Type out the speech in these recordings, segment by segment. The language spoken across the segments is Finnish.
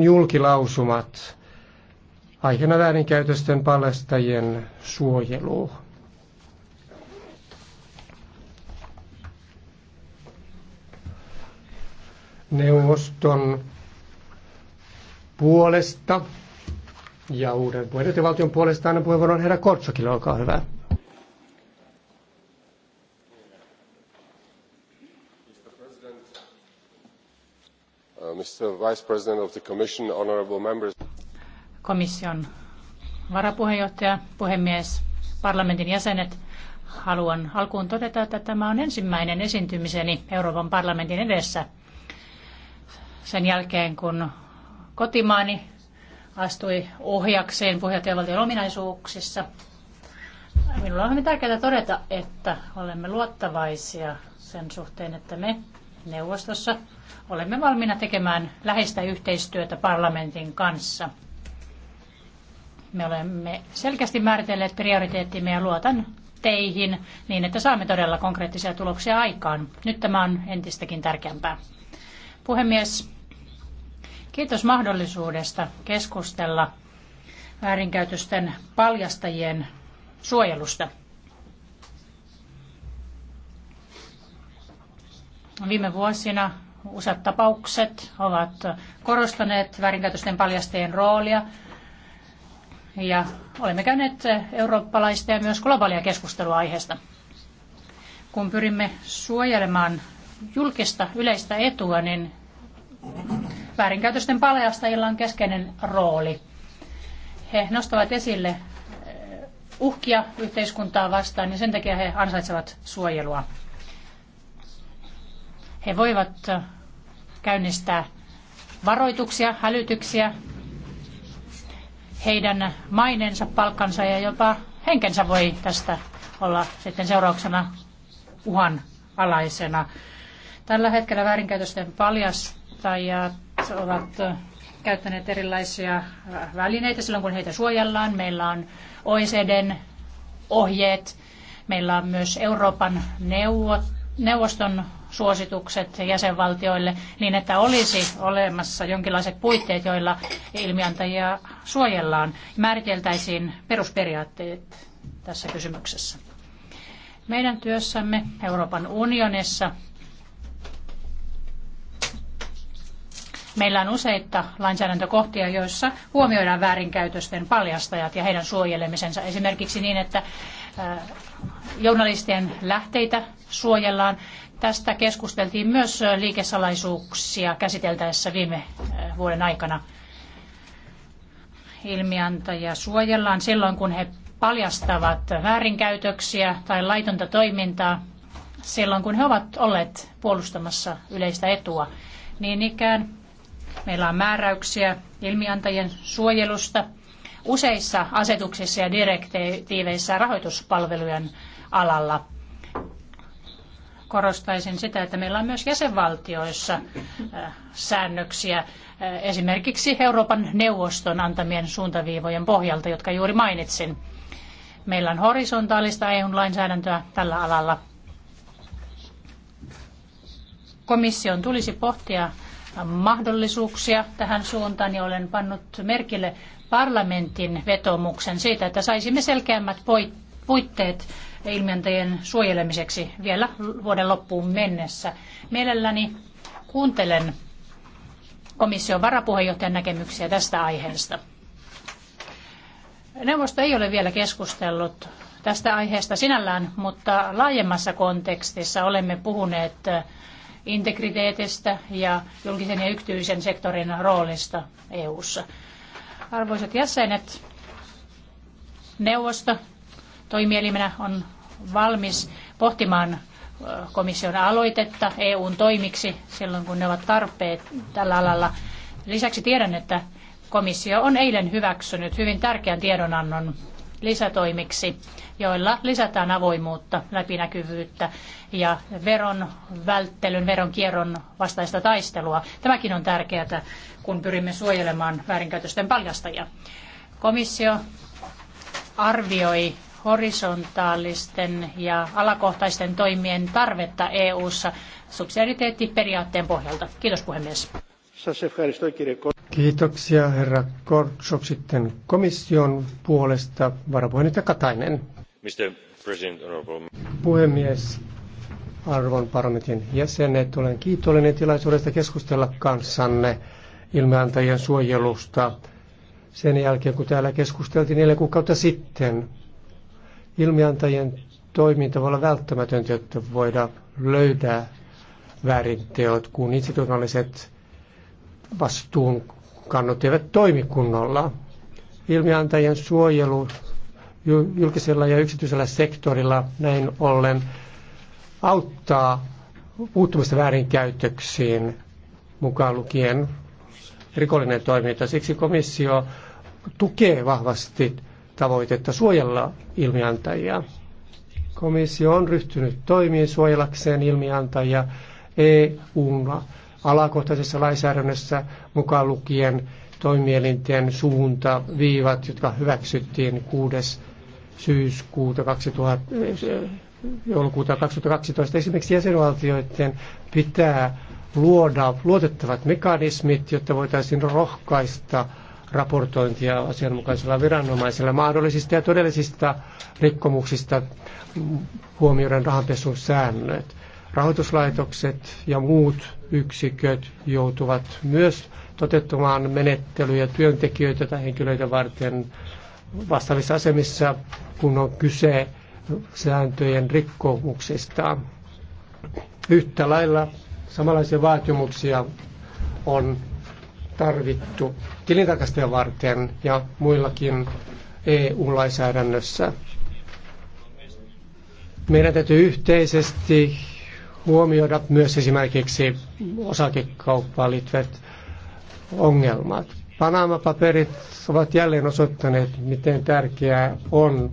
julkilausumat aiheena väärinkäytösten paljastajien suojelu. Neuvoston puolesta ja uuden puheenjohtajavaltion puolesta annan puheenvuoron herra Kortsokille, olkaa hyvä. Uh, Komission varapuheenjohtaja, puhemies, parlamentin jäsenet, haluan alkuun todeta, että tämä on ensimmäinen esiintymiseni Euroopan parlamentin edessä sen jälkeen, kun kotimaani astui ohjakseen puheenjohtajavaltion ominaisuuksissa. Minulla on hyvin tärkeää todeta, että olemme luottavaisia sen suhteen, että me neuvostossa. Olemme valmiina tekemään läheistä yhteistyötä parlamentin kanssa. Me olemme selkeästi määritelleet prioriteettimme ja luotan teihin niin, että saamme todella konkreettisia tuloksia aikaan. Nyt tämä on entistäkin tärkeämpää. Puhemies, kiitos mahdollisuudesta keskustella väärinkäytösten paljastajien suojelusta. Viime vuosina useat tapaukset ovat korostaneet väärinkäytösten paljastajien roolia. Ja olemme käyneet eurooppalaista ja myös globaalia keskustelua aiheesta. Kun pyrimme suojelemaan julkista yleistä etua, niin väärinkäytösten paljastajilla on keskeinen rooli. He nostavat esille eh, uhkia yhteiskuntaa vastaan ja sen takia he ansaitsevat suojelua. He voivat käynnistää varoituksia, hälytyksiä. Heidän mainensa, palkkansa ja jopa henkensä voi tästä olla sitten seurauksena uhan alaisena. Tällä hetkellä väärinkäytösten paljastajat ovat käyttäneet erilaisia välineitä silloin, kun heitä suojellaan. Meillä on OECDn ohjeet, meillä on myös Euroopan neuvoston suositukset jäsenvaltioille niin, että olisi olemassa jonkinlaiset puitteet, joilla ilmiantajia suojellaan. Määriteltäisiin perusperiaatteet tässä kysymyksessä. Meidän työssämme Euroopan unionissa Meillä on useita lainsäädäntökohtia, joissa huomioidaan väärinkäytösten paljastajat ja heidän suojelemisensa. Esimerkiksi niin, että journalistien lähteitä suojellaan Tästä keskusteltiin myös liikesalaisuuksia käsiteltäessä viime eh, vuoden aikana. Ilmiantajia suojellaan silloin, kun he paljastavat väärinkäytöksiä tai laitonta toimintaa silloin, kun he ovat olleet puolustamassa yleistä etua. Niin ikään meillä on määräyksiä ilmiantajien suojelusta useissa asetuksissa ja direktiiveissä rahoituspalvelujen alalla – korostaisin sitä, että meillä on myös jäsenvaltioissa äh, säännöksiä äh, esimerkiksi Euroopan neuvoston antamien suuntaviivojen pohjalta, jotka juuri mainitsin. Meillä on horisontaalista EU-lainsäädäntöä tällä alalla. Komission tulisi pohtia mahdollisuuksia tähän suuntaan ja olen pannut merkille parlamentin vetomuksen siitä, että saisimme selkeämmät puitteet ja ilmiöntäjien suojelemiseksi vielä vuoden loppuun mennessä. Mielelläni kuuntelen komission varapuheenjohtajan näkemyksiä tästä aiheesta. Neuvosto ei ole vielä keskustellut tästä aiheesta sinällään, mutta laajemmassa kontekstissa olemme puhuneet integriteetistä ja julkisen ja yksityisen sektorin roolista EU:ssa. Arvoisat jäsenet, neuvosto toimielimenä on valmis pohtimaan komission aloitetta EUn toimiksi silloin, kun ne ovat tarpeet tällä alalla. Lisäksi tiedän, että komissio on eilen hyväksynyt hyvin tärkeän tiedonannon lisätoimiksi, joilla lisätään avoimuutta, läpinäkyvyyttä ja veron välttelyn, veron kierron vastaista taistelua. Tämäkin on tärkeää, kun pyrimme suojelemaan väärinkäytösten paljastajia. Komissio arvioi horisontaalisten ja alakohtaisten toimien tarvetta EU-ssa subsidiariteettiperiaatteen pohjalta. Kiitos puhemies. Kiitoksia herra Kortsok sitten komission puolesta varapuheenjohtaja Katainen. Mr. President, Puhemies, arvon parlamentin jäsenet, olen kiitollinen tilaisuudesta keskustella kanssanne ilmeantajien suojelusta sen jälkeen, kun täällä keskusteltiin neljä kuukautta sitten Ilmiantajien toiminta voi olla välttämätöntä, jotta voidaan löytää väärinteot, kun institutionaaliset vastuunkannot eivät toimi kunnolla. Ilmiantajien suojelu julkisella ja yksityisellä sektorilla näin ollen auttaa puuttumista väärinkäytöksiin mukaan lukien rikollinen toiminta. Siksi komissio tukee vahvasti tavoitetta suojella ilmiantajia. Komissio on ryhtynyt toimiin suojelakseen ilmiantajia eu alakohtaisessa lainsäädännössä mukaan lukien toimielinten suunta, viivat, jotka hyväksyttiin 6. syyskuuta 2000, eh, joulukuuta 2012. Esimerkiksi jäsenvaltioiden pitää luoda luotettavat mekanismit, jotta voitaisiin rohkaista raportointia asianmukaisella viranomaisella mahdollisista ja todellisista rikkomuksista huomioiden rahanpesun säännöt. Rahoituslaitokset ja muut yksiköt joutuvat myös toteuttamaan menettelyjä työntekijöitä tai henkilöitä varten vastaavissa asemissa, kun on kyse sääntöjen rikkomuksista. Yhtä lailla samanlaisia vaatimuksia on tarvittu tilintarkastajan varten ja muillakin EU-lainsäädännössä. Meidän täytyy yhteisesti huomioida myös esimerkiksi osakekauppaan liittyvät ongelmat. Panama-paperit ovat jälleen osoittaneet, miten tärkeää on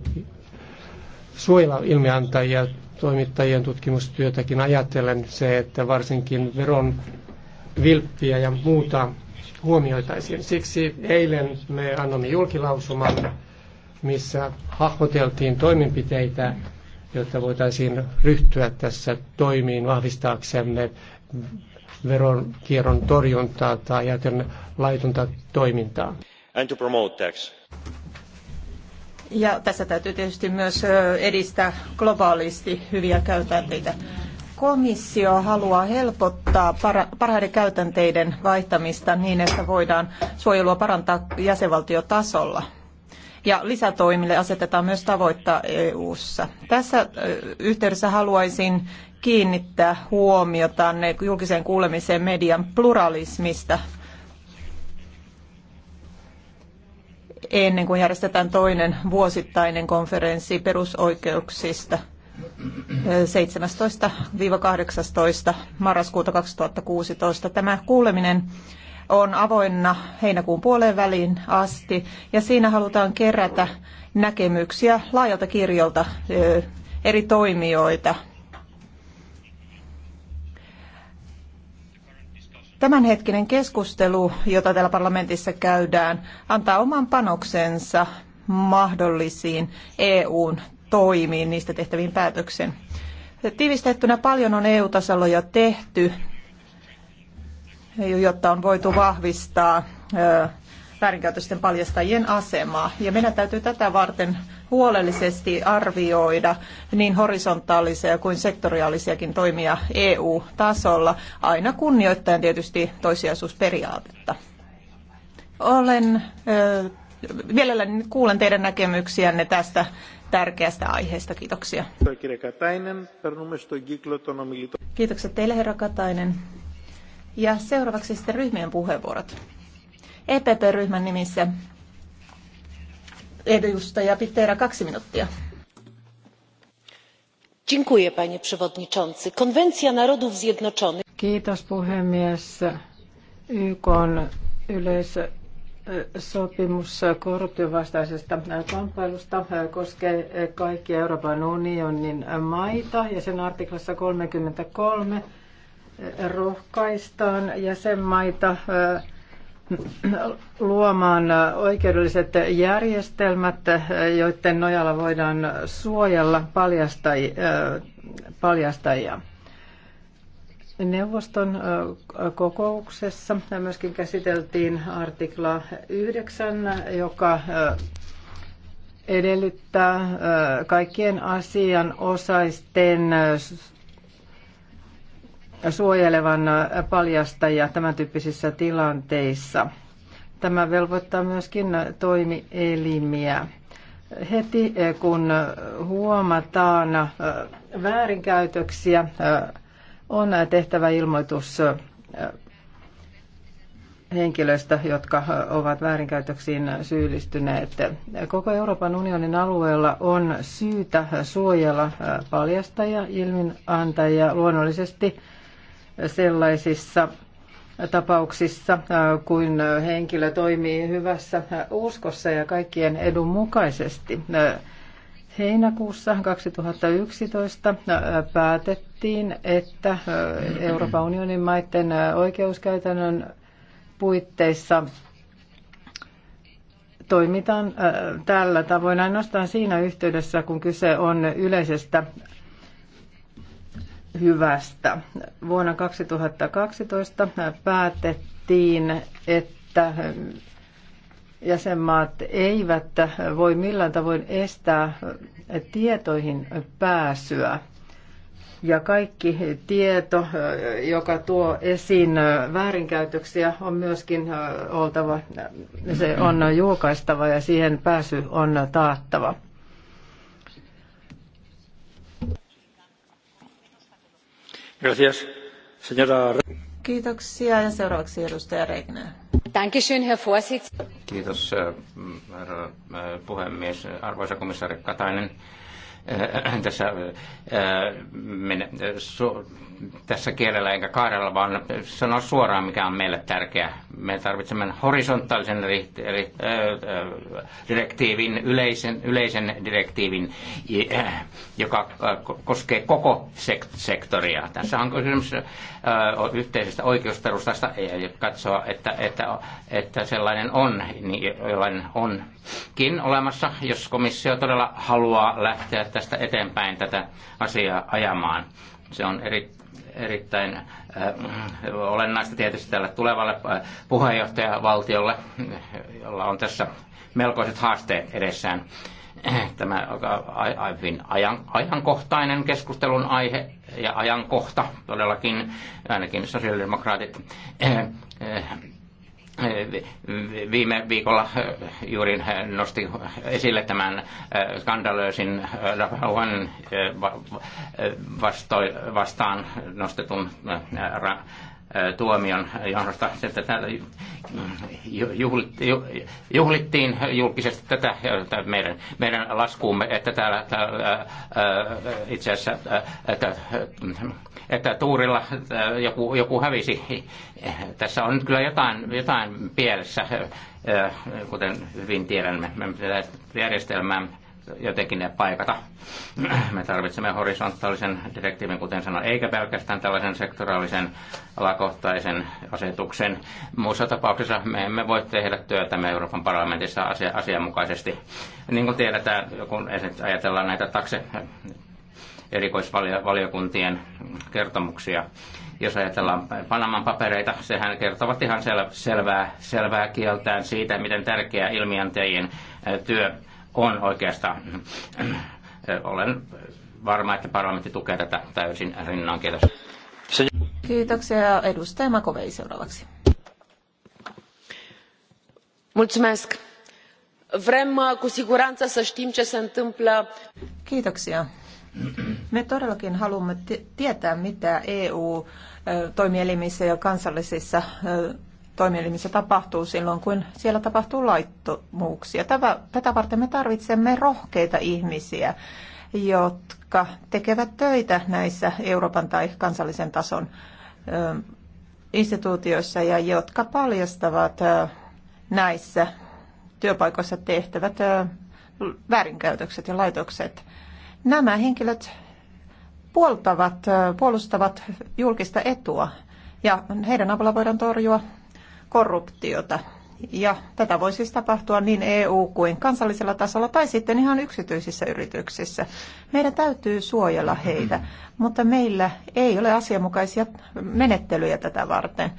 suojella ilmiantajia toimittajien tutkimustyötäkin ajatellen se, että varsinkin veron vilppiä ja muuta huomioitaisiin. Siksi eilen me annoimme julkilausuman, missä hahmoteltiin toimenpiteitä, jotta voitaisiin ryhtyä tässä toimiin vahvistaaksemme veronkierron torjuntaa tai jätön laitonta toimintaa. And to promote tax. Ja tässä täytyy tietysti myös edistää globaalisti hyviä käytänteitä komissio haluaa helpottaa parhaiden käytänteiden vaihtamista niin, että voidaan suojelua parantaa jäsenvaltiotasolla. Ja lisätoimille asetetaan myös tavoittaa EU-ssa. Tässä yhteydessä haluaisin kiinnittää huomiota julkiseen kuulemiseen median pluralismista ennen kuin järjestetään toinen vuosittainen konferenssi perusoikeuksista – 17-18 marraskuuta 2016. Tämä kuuleminen on avoinna heinäkuun puoleen väliin asti ja siinä halutaan kerätä näkemyksiä laajalta kirjolta eri toimijoita. Tämänhetkinen keskustelu, jota täällä parlamentissa käydään, antaa oman panoksensa mahdollisiin EUn toimiin, niistä tehtäviin päätöksen. Tiivistettynä paljon on EU-tasolla jo tehty, jotta on voitu vahvistaa väärinkäytösten paljastajien asemaa. Ja meidän täytyy tätä varten huolellisesti arvioida niin horisontaalisia kuin sektoriaalisiakin toimia EU-tasolla, aina kunnioittaen tietysti toissijaisuusperiaatetta. Olen, äh, mielelläni kuulen teidän näkemyksiänne tästä tärkeästä aiheesta. Kiitoksia. Kiitokset teille, herra Katainen. Ja seuraavaksi sitten ryhmien puheenvuorot. EPP-ryhmän nimissä edustaja Pitteera, kaksi minuuttia. Dziękuję, panie przewodniczący. Konwencja Narodów Zjednoczonych. Kiitos, puhemies. YK on yleis sopimus korruption vastaisesta kamppailusta koskee kaikkia Euroopan unionin maita ja sen artiklassa 33 rohkaistaan jäsenmaita äh, luomaan oikeudelliset järjestelmät, joiden nojalla voidaan suojella äh, paljastajia. Neuvoston kokouksessa myöskin käsiteltiin artikla 9, joka edellyttää kaikkien asian osaisten suojelevan paljastajia tämän tyyppisissä tilanteissa. Tämä velvoittaa myöskin toimielimiä. Heti kun huomataan väärinkäytöksiä, on tehtävä ilmoitus henkilöistä, jotka ovat väärinkäytöksiin syyllistyneet. Koko Euroopan unionin alueella on syytä suojella paljastajia, ilminantajia luonnollisesti sellaisissa tapauksissa, kun henkilö toimii hyvässä uskossa ja kaikkien edun mukaisesti. Heinäkuussa 2011 äh, päätettiin, että äh, Euroopan unionin maiden äh, oikeuskäytännön puitteissa toimitaan tällä tavoin ainoastaan siinä yhteydessä, kun kyse on yleisestä hyvästä. Vuonna 2012 päätettiin, että jäsenmaat eivät voi millään tavoin estää tietoihin pääsyä. Ja kaikki tieto, joka tuo esiin väärinkäytöksiä, on myöskin oltava, se on julkaistava ja siihen pääsy on taattava. Gracias. Señora... Kiitoksia ja seuraavaksi edustaja Regner. Dankeschön, Herr Vorsitz. Kiitos, äh, herra äh, puhemies. Arvoisa komissaari Katainen, äh, tässä tässä kielellä eikä kaarella, vaan sanoa suoraan, mikä on meille tärkeää. Me tarvitsemme horisontaalisen ri, ri, äh, direktiivin, yleisen, yleisen direktiivin, äh, joka äh, koskee koko sektoria. Tässä on kysymys äh, yhteisestä oikeusperustasta ja katsoa, että, että, että sellainen on, niin jollainen onkin olemassa, jos komissio todella haluaa lähteä tästä eteenpäin tätä asiaa ajamaan se on eri, erittäin äh, olennaista tietysti tälle tulevalle äh, puheenjohtajavaltiolle, jolla on tässä melkoiset haasteet edessään. Tämä on ajan, ajankohtainen keskustelun aihe ja ajankohta todellakin, ainakin sosiaalidemokraatit äh, viime viikolla eh, juuri eh, nosti esille tämän eh, skandalöisin Rahoan vastaan nostetun tuomion johdosta. että täällä juhlittiin julkisesti tätä meidän, meidän laskuumme, että täällä, täällä itse asiassa että, että tuurilla joku, joku hävisi. Tässä on nyt kyllä jotain, jotain pielessä, kuten hyvin tiedämme. järjestelmää jotenkin ne paikata. Me tarvitsemme horisontaalisen direktiivin, kuten sanoin, eikä pelkästään tällaisen sektoraalisen alakohtaisen asetuksen. Muussa tapauksessa me emme voi tehdä me Euroopan parlamentissa asia- asianmukaisesti. Niin kuin tiedetään, kun ajatellaan näitä takse erikoisvaliokuntien kertomuksia, jos ajatellaan Panaman papereita, sehän kertovat ihan sel- selvää, selvää kieltään siitä, miten tärkeää ilmiantajien työ on oikeastaan. Äh, olen varma, että parlamentti tukee tätä täysin rinnan. Kiitos. Kiitoksia. Edustaja Makovei seuraavaksi. Mulțumesc. Vrem uh, cu siguranță să știm ce se întâmplă. Kiitoksia. Me todellakin haluamme tietää, mitä EU-toimielimissä ja kansallisissa toimielimissä tapahtuu silloin, kun siellä tapahtuu laittomuuksia. Tätä varten me tarvitsemme rohkeita ihmisiä, jotka tekevät töitä näissä Euroopan tai kansallisen tason instituutioissa ja jotka paljastavat näissä työpaikoissa tehtävät väärinkäytökset ja laitokset. Nämä henkilöt puoltavat, puolustavat julkista etua ja heidän avulla voidaan torjua korruptiota. Ja tätä voi siis tapahtua niin EU- kuin kansallisella tasolla tai sitten ihan yksityisissä yrityksissä. Meidän täytyy suojella heitä, mutta meillä ei ole asianmukaisia menettelyjä tätä varten.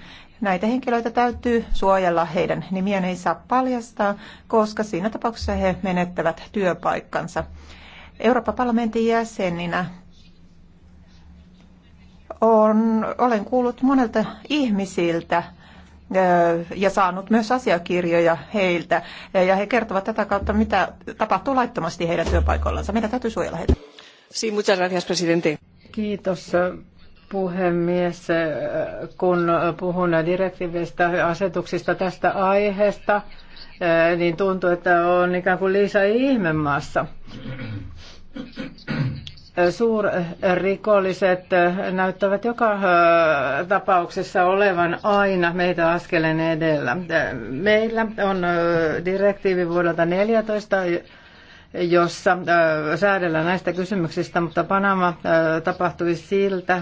Näitä henkilöitä täytyy suojella, heidän nimiään ei saa paljastaa, koska siinä tapauksessa he menettävät työpaikkansa. Euroopan parlamentin jäseninä on, olen kuullut monelta ihmisiltä, ja saanut myös asiakirjoja heiltä. Ja he kertovat tätä kautta, mitä tapahtuu laittomasti heidän työpaikoillansa. Meidän täytyy suojella heitä. Sí, muchas gracias, presidente. Kiitos puhemies, kun puhun direktiivistä asetuksista tästä aiheesta, niin tuntuu, että on ikään kuin Liisa ihmemaassa suurrikolliset näyttävät joka tapauksessa olevan aina meitä askeleen edellä. Meillä on direktiivi vuodelta 14, jossa säädellään näistä kysymyksistä, mutta Panama tapahtui siltä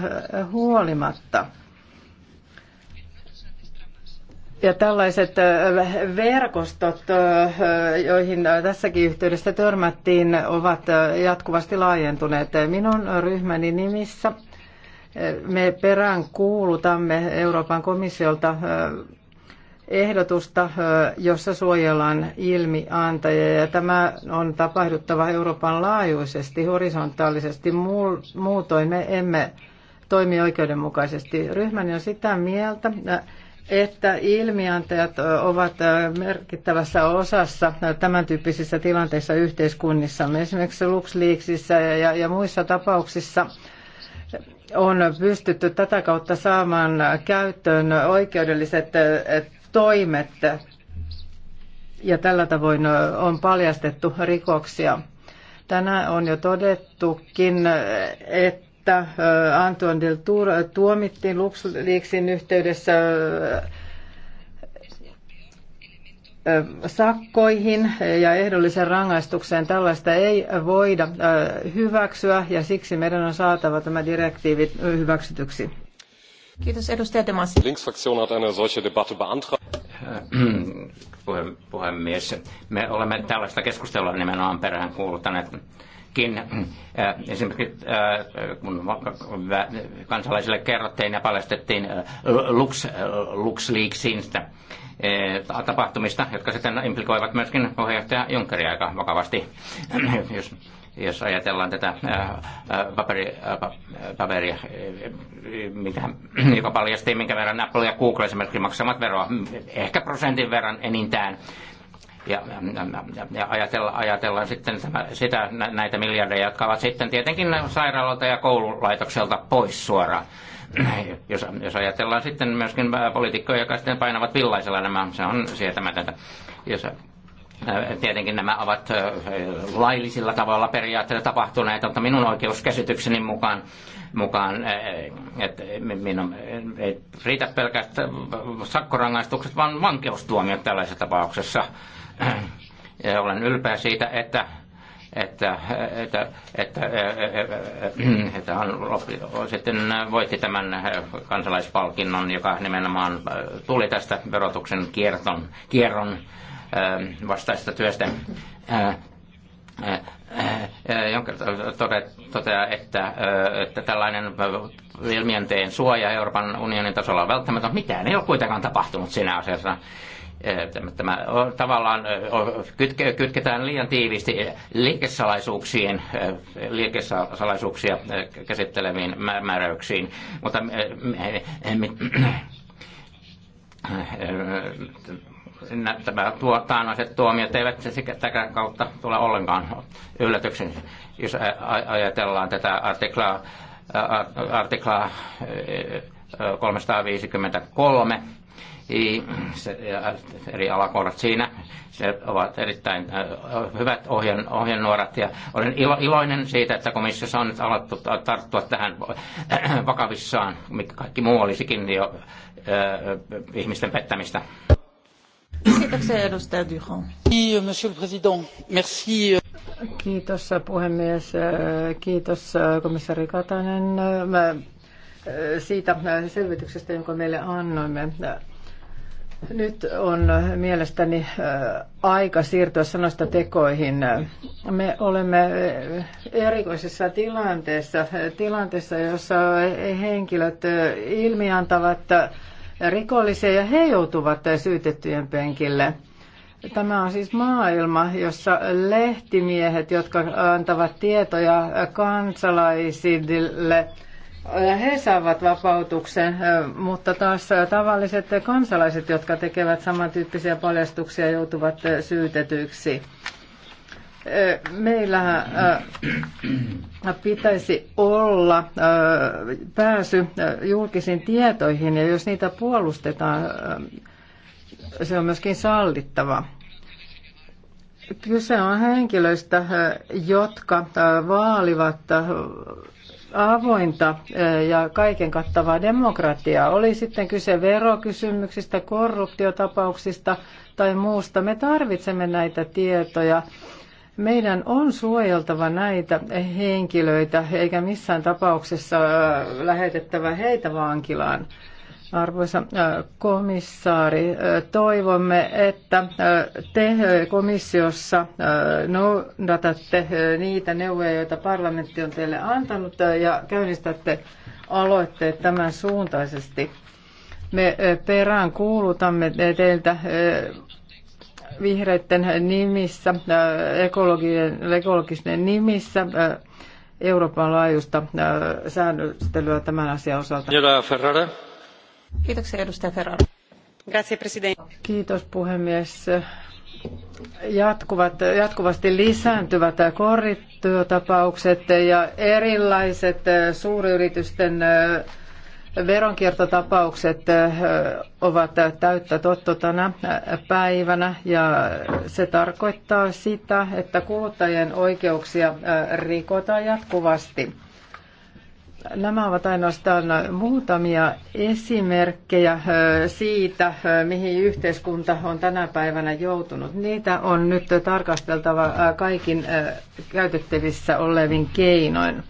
huolimatta – ja tällaiset verkostot, joihin tässäkin yhteydessä törmättiin, ovat jatkuvasti laajentuneet. Minun ryhmäni nimissä me perään kuulutamme Euroopan komissiolta ehdotusta, jossa suojellaan ilmiantajia. Ja tämä on tapahduttava Euroopan laajuisesti, horisontaalisesti. Muutoin me emme toimi oikeudenmukaisesti. Ryhmäni on sitä mieltä, että ilmiantajat ovat merkittävässä osassa tämän tyyppisissä tilanteissa yhteiskunnissa, Esimerkiksi LuxLeaksissa ja, ja muissa tapauksissa on pystytty tätä kautta saamaan käyttöön oikeudelliset toimet ja tällä tavoin on paljastettu rikoksia. Tänään on jo todettukin, että että Antoine Del Tour tuomittiin LuxLeaksin yhteydessä sakkoihin ja ehdolliseen rangaistukseen. Tällaista ei voida hyväksyä ja siksi meidän on saatava tämä direktiivi hyväksytyksi. Kiitos edustaja Demas. Linksfraktion hat eine solche Debatte beantragt. Puhemies, me olemme tällaista keskustelua nimenomaan perään kuuluttaneet Kin, äh, esimerkiksi äh, kun kansalaisille kerrottiin ja paljastettiin äh, Lux, LuxLeaksin tapahtumista, jotka sitten implikoivat myöskin puheenjohtaja Junckeria aika vakavasti, jos, jos ajatellaan tätä paperi, paperia, mikä, joka paljasti, minkä verran Apple ja Google esimerkiksi maksavat veroa, ehkä prosentin verran enintään ja, ja, ja ajatella, ajatellaan sitten tämä, sitä, näitä miljardeja, jotka ovat sitten tietenkin sairaalalta ja koululaitokselta pois suoraan. Jos, jos ajatellaan sitten myöskin poliitikkoja, jotka sitten painavat villaisella nämä, se on sietämätöntä. Jos, Tietenkin nämä ovat laillisilla tavalla periaatteella tapahtuneet, mutta minun oikeuskäsitykseni mukaan, mukaan että minun ei riitä pelkästään sakkorangaistukset, vaan vankeustuomiot tällaisessa tapauksessa. Ja olen ylpeä siitä, että että, että, että, että hän sitten voitti tämän kansalaispalkinnon, joka nimenomaan tuli tästä verotuksen kierton, kierron ähm, vastaista työstä äh, äh, äh, jonka toteaa, että, että tällainen ilmiönteen suoja Euroopan unionin tasolla on välttämätön. Mitään ei ole kuitenkaan tapahtunut sinä asiassa tämä tavallaan kytke, kytketään liian tiiviisti liikesalaisuuksien, liikesalaisuuksia käsitteleviin määräyksiin, mutta tämä tuotaan taanoiset tuomiot eivät tätä kautta tule ollenkaan yllätyksen, jos ajatellaan tätä artiklaa, artiklaa 353 eri alakohdat siinä. Se ovat erittäin äh, hyvät ohjen, ohjenuorat ja olen ilo, iloinen siitä, että komissiossa on nyt alettu tarttua tähän äh, vakavissaan, mikä kaikki muu olisikin jo äh, ihmisten pettämistä. Kiitoksia edustaja Duhon. Euh. Kiitos puhemies, kiitos komissari Katainen siitä selvityksestä, jonka meille annoimme. Nyt on mielestäni aika siirtyä sanoista tekoihin. Me olemme erikoisessa tilanteessa, tilanteessa jossa henkilöt ilmiantavat rikollisia ja he joutuvat syytettyjen penkille. Tämä on siis maailma, jossa lehtimiehet, jotka antavat tietoja kansalaisille – he saavat vapautuksen, mutta taas tavalliset kansalaiset, jotka tekevät samantyyppisiä paljastuksia, joutuvat syytetyiksi. Meillä pitäisi olla pääsy julkisiin tietoihin ja jos niitä puolustetaan, se on myöskin sallittava. Kyse on henkilöistä, jotka vaalivat avointa ja kaiken kattavaa demokratiaa. Oli sitten kyse verokysymyksistä, korruptiotapauksista tai muusta. Me tarvitsemme näitä tietoja. Meidän on suojeltava näitä henkilöitä, eikä missään tapauksessa lähetettävä heitä vankilaan. Arvoisa komissaari, toivomme, että te komissiossa noudatatte niitä neuvoja, joita parlamentti on teille antanut ja käynnistätte aloitteet tämän suuntaisesti. Me perään kuulutamme teiltä vihreiden nimissä, ekologisten nimissä Euroopan laajuista säännöstelyä tämän asian osalta. Ferrara. Kiitoksia edustaja Ferraro. Kiitos puhemies. Jatkuvat, jatkuvasti lisääntyvät korrityötapaukset ja erilaiset suuryritysten veronkiertotapaukset ovat täyttä totta tänä päivänä ja se tarkoittaa sitä, että kuluttajien oikeuksia rikotaan jatkuvasti. Nämä ovat ainoastaan muutamia esimerkkejä siitä, mihin yhteiskunta on tänä päivänä joutunut. Niitä on nyt tarkasteltava kaikin käytettävissä olevin keinoin.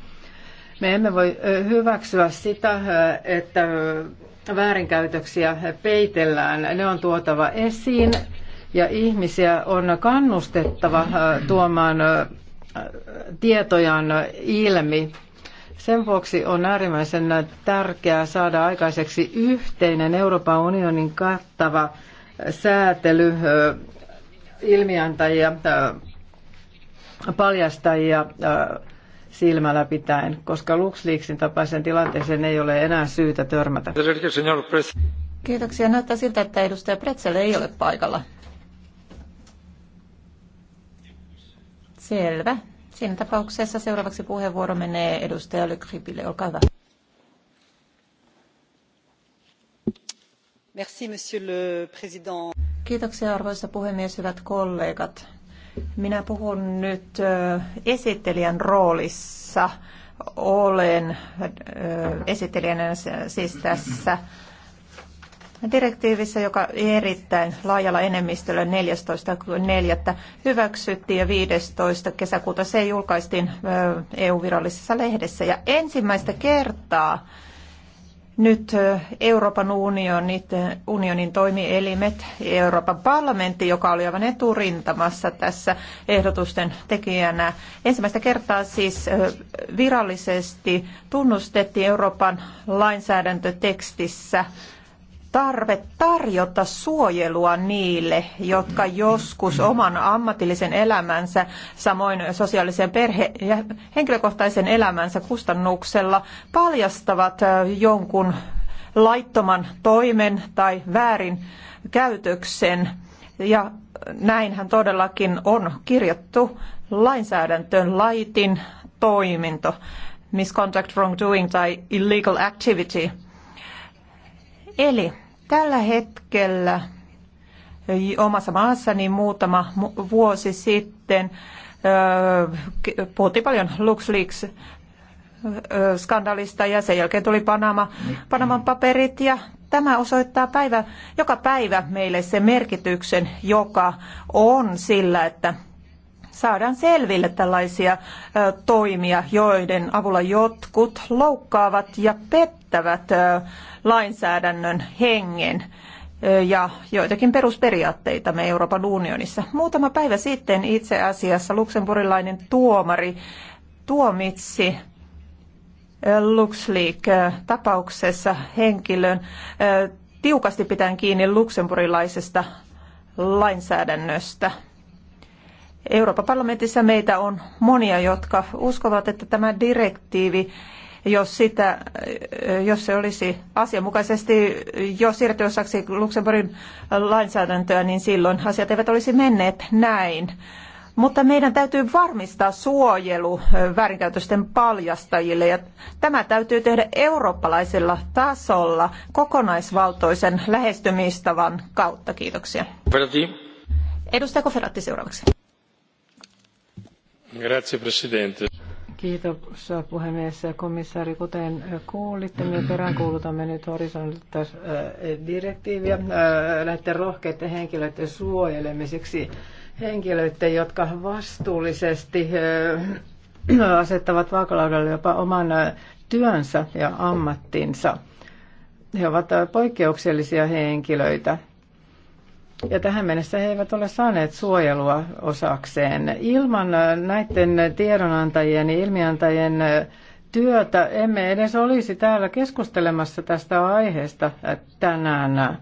Me emme voi hyväksyä sitä, että väärinkäytöksiä peitellään. Ne on tuotava esiin ja ihmisiä on kannustettava tuomaan tietojaan ilmi sen vuoksi on äärimmäisen tärkeää saada aikaiseksi yhteinen Euroopan unionin kattava säätely ilmiantajia, paljastajia silmällä pitäen, koska LuxLeaksin tapaisen tilanteeseen ei ole enää syytä törmätä. Kiitoksia. Näyttää siltä, että edustaja Pretzel ei ole paikalla. Selvä. Siinä tapauksessa seuraavaksi puheenvuoro menee edustaja Lykripille. Olkaa hyvä. Merci, monsieur le président. Kiitoksia arvoisa puhemies, hyvät kollegat. Minä puhun nyt esittelijän roolissa. Olen esittelijänä siis tässä Direktiivissä, joka erittäin laajalla enemmistöllä 14.4. hyväksyttiin ja 15. kesäkuuta se julkaistiin EU-virallisessa lehdessä. Ja ensimmäistä kertaa nyt Euroopan unionit, unionin toimielimet, Euroopan parlamentti, joka oli aivan eturintamassa tässä ehdotusten tekijänä. Ensimmäistä kertaa siis virallisesti tunnustettiin Euroopan lainsäädäntötekstissä tarve tarjota suojelua niille, jotka joskus oman ammatillisen elämänsä, samoin sosiaalisen perhe- ja henkilökohtaisen elämänsä kustannuksella paljastavat jonkun laittoman toimen tai väärin käytöksen. Ja näinhän todellakin on kirjattu lainsäädäntöön laitin toiminto, misconduct, wrongdoing tai illegal activity – Eli tällä hetkellä omassa maassani muutama vuosi sitten puhuttiin paljon LuxLeaks skandaalista ja sen jälkeen tuli Panama, Panaman paperit ja tämä osoittaa päivä, joka päivä meille sen merkityksen, joka on sillä, että saadaan selville tällaisia toimia, joiden avulla jotkut loukkaavat ja pettävät lainsäädännön hengen ja joitakin perusperiaatteita me Euroopan unionissa. Muutama päivä sitten itse asiassa luksemburilainen tuomari tuomitsi LuxLeak-tapauksessa henkilön tiukasti pitäen kiinni luksemburilaisesta lainsäädännöstä. Euroopan parlamentissa meitä on monia, jotka uskovat, että tämä direktiivi, jos, sitä, jos se olisi asianmukaisesti jo siirretty osaksi Luxemburgin lainsäädäntöä, niin silloin asiat eivät olisi menneet näin. Mutta meidän täytyy varmistaa suojelu väärinkäytösten paljastajille ja tämä täytyy tehdä eurooppalaisella tasolla kokonaisvaltoisen lähestymistavan kautta. Kiitoksia. Edustaja Koferatti seuraavaksi Arvoisa Kiitos puhemies ja komissaari. Kuten kuulitte, me peräänkuulutamme nyt horisontaalista eh, direktiiviä eh, näiden rohkeiden henkilöiden suojelemiseksi. Henkilöiden, jotka vastuullisesti eh, asettavat vaakalaudalle jopa oman työnsä ja ammattinsa. He ovat poikkeuksellisia henkilöitä ja tähän mennessä he eivät ole saaneet suojelua osakseen. Ilman näiden tiedonantajien ja ilmiantajien työtä emme edes olisi täällä keskustelemassa tästä aiheesta tänään.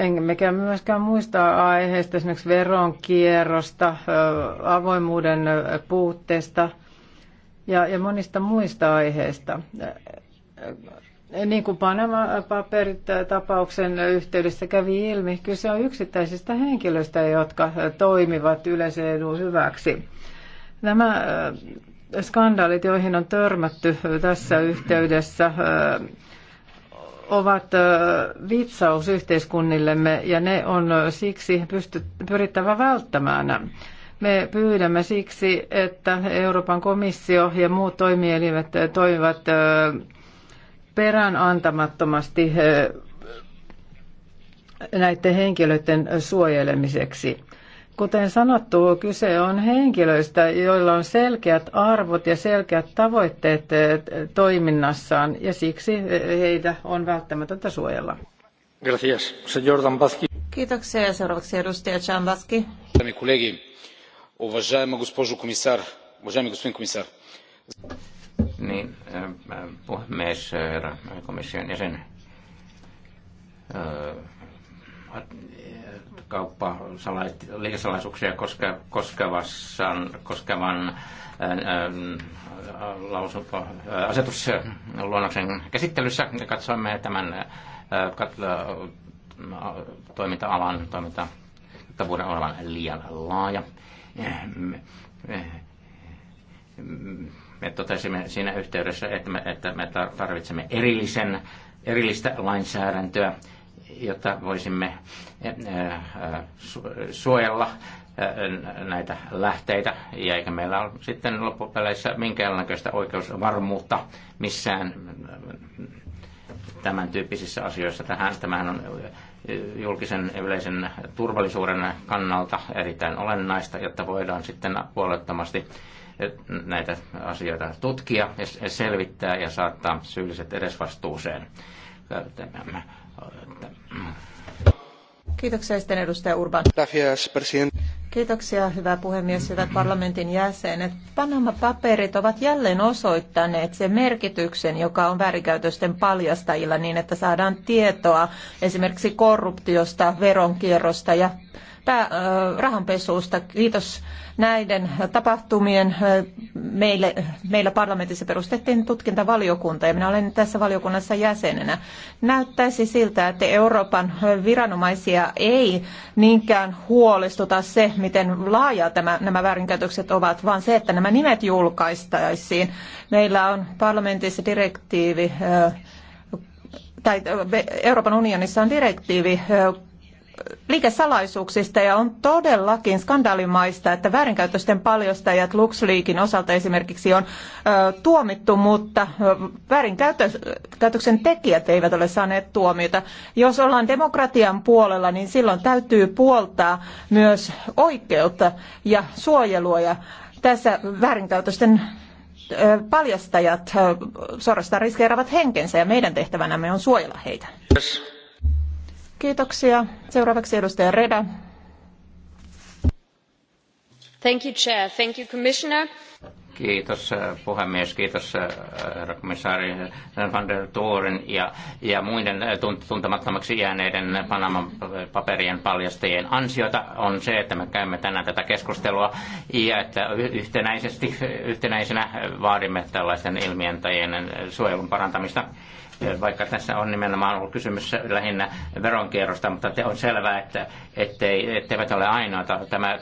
Emmekä myöskään muista aiheesta esimerkiksi veronkierrosta, avoimuuden puutteesta ja, ja monista muista aiheista niin kuin Panama-paperit äh, tapauksen yhteydessä kävi ilmi, kyse on yksittäisistä henkilöistä, jotka äh, toimivat yleisen edun hyväksi. Nämä äh, skandaalit, joihin on törmätty tässä yhteydessä, ovat vitsaus yhteiskunnillemme ja ne on siksi pysty, pyrittävä välttämään. Me pyydämme siksi, että Euroopan komissio ja muut toimielimet toimivat Perään antamattomasti näiden henkilöiden suojelemiseksi. Kuten sanottu, kyse on henkilöistä, joilla on selkeät arvot ja selkeät tavoitteet toiminnassaan, ja siksi heitä on välttämätöntä suojella. Gracias. Señor Dambaski. Kiitoksia. Ja seuraavaksi edustaja Chambaski. Уважаеми колеги, уважаема niin, äh, puhemies, äh, herra komission jäsen. Äh, kauppa, liikesalaisuuksia koskevan, koskevan lausunto, asetusluonnoksen käsittelyssä katsoimme tämän toiminta-alan, toimintatavuuden olevan liian laaja me totesimme siinä yhteydessä, että me, että me tarvitsemme erillisen, erillistä lainsäädäntöä, jotta voisimme eh, eh, suojella eh, näitä lähteitä, ja eikä meillä ole sitten loppupeleissä minkäänlaista oikeusvarmuutta missään mm, tämän tyyppisissä asioissa. Tähän, tämähän on julkisen yleisen turvallisuuden kannalta erittäin olennaista, jotta voidaan sitten puolettomasti näitä asioita tutkia ja selvittää ja saattaa syylliset edes vastuuseen. Kiitoksia sitten edustaja Urban. Kiitoksia, hyvä puhemies, hyvät parlamentin jäsenet. Panama-paperit ovat jälleen osoittaneet sen merkityksen, joka on väärinkäytösten paljastajilla niin, että saadaan tietoa esimerkiksi korruptiosta, veronkierrosta ja Äh, rahanpesusta. Kiitos näiden tapahtumien äh, meille, meillä parlamentissa perustettiin tutkintavaliokunta ja minä olen tässä valiokunnassa jäsenenä. Näyttäisi siltä, että Euroopan viranomaisia ei niinkään huolestuta se, miten laaja tämä, nämä väärinkäytökset ovat, vaan se, että nämä nimet julkaistaisiin. Meillä on parlamentissa direktiivi äh, tai Euroopan unionissa on direktiivi liikesalaisuuksista ja on todellakin skandaalimaista, että väärinkäytösten paljastajat LuxLeakin osalta esimerkiksi on ö, tuomittu, mutta väärinkäytöksen tekijät eivät ole saaneet tuomiota. Jos ollaan demokratian puolella, niin silloin täytyy puoltaa myös oikeutta ja suojelua ja tässä väärinkäytösten paljastajat suorastaan riskeeraavat henkensä ja meidän tehtävänämme on suojella heitä. Yes. Kiitoksia. Seuraavaksi edustaja Reda. Thank you, Chair. Thank you, Commissioner. Kiitos äh, puhemies, kiitos äh, herra komissaari äh, van der Tuorin ja, ja muiden tuntemattomaksi jääneiden Panaman paperien paljastajien ansiota on se, että me käymme tänään tätä keskustelua ja että yhtenäisesti, yhtenäisenä vaadimme tällaisten ilmiöntäjien suojelun parantamista vaikka tässä on nimenomaan ollut kysymys lähinnä veronkierrosta, mutta on selvää, että ettei, etteivät ole ainoita. Tämä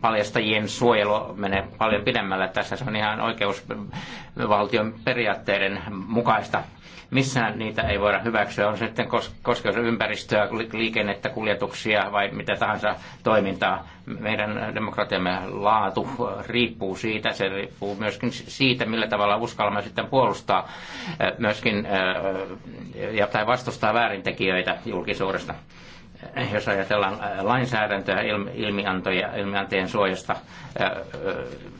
paljastajien suojelu menee paljon pidemmälle. Tässä se on ihan oikeusvaltion periaatteiden mukaista. Missään niitä ei voida hyväksyä, on sitten koskeus ympäristöä, liikennettä, kuljetuksia vai mitä tahansa toimintaa. Meidän demokratiamme laatu riippuu siitä, se riippuu myöskin siitä, millä tavalla uskallamme sitten puolustaa myöskin ja, tai vastustaa väärintekijöitä julkisuudesta. Jos ajatellaan lainsäädäntöä ilmiantoja, ilmiantojen suojasta,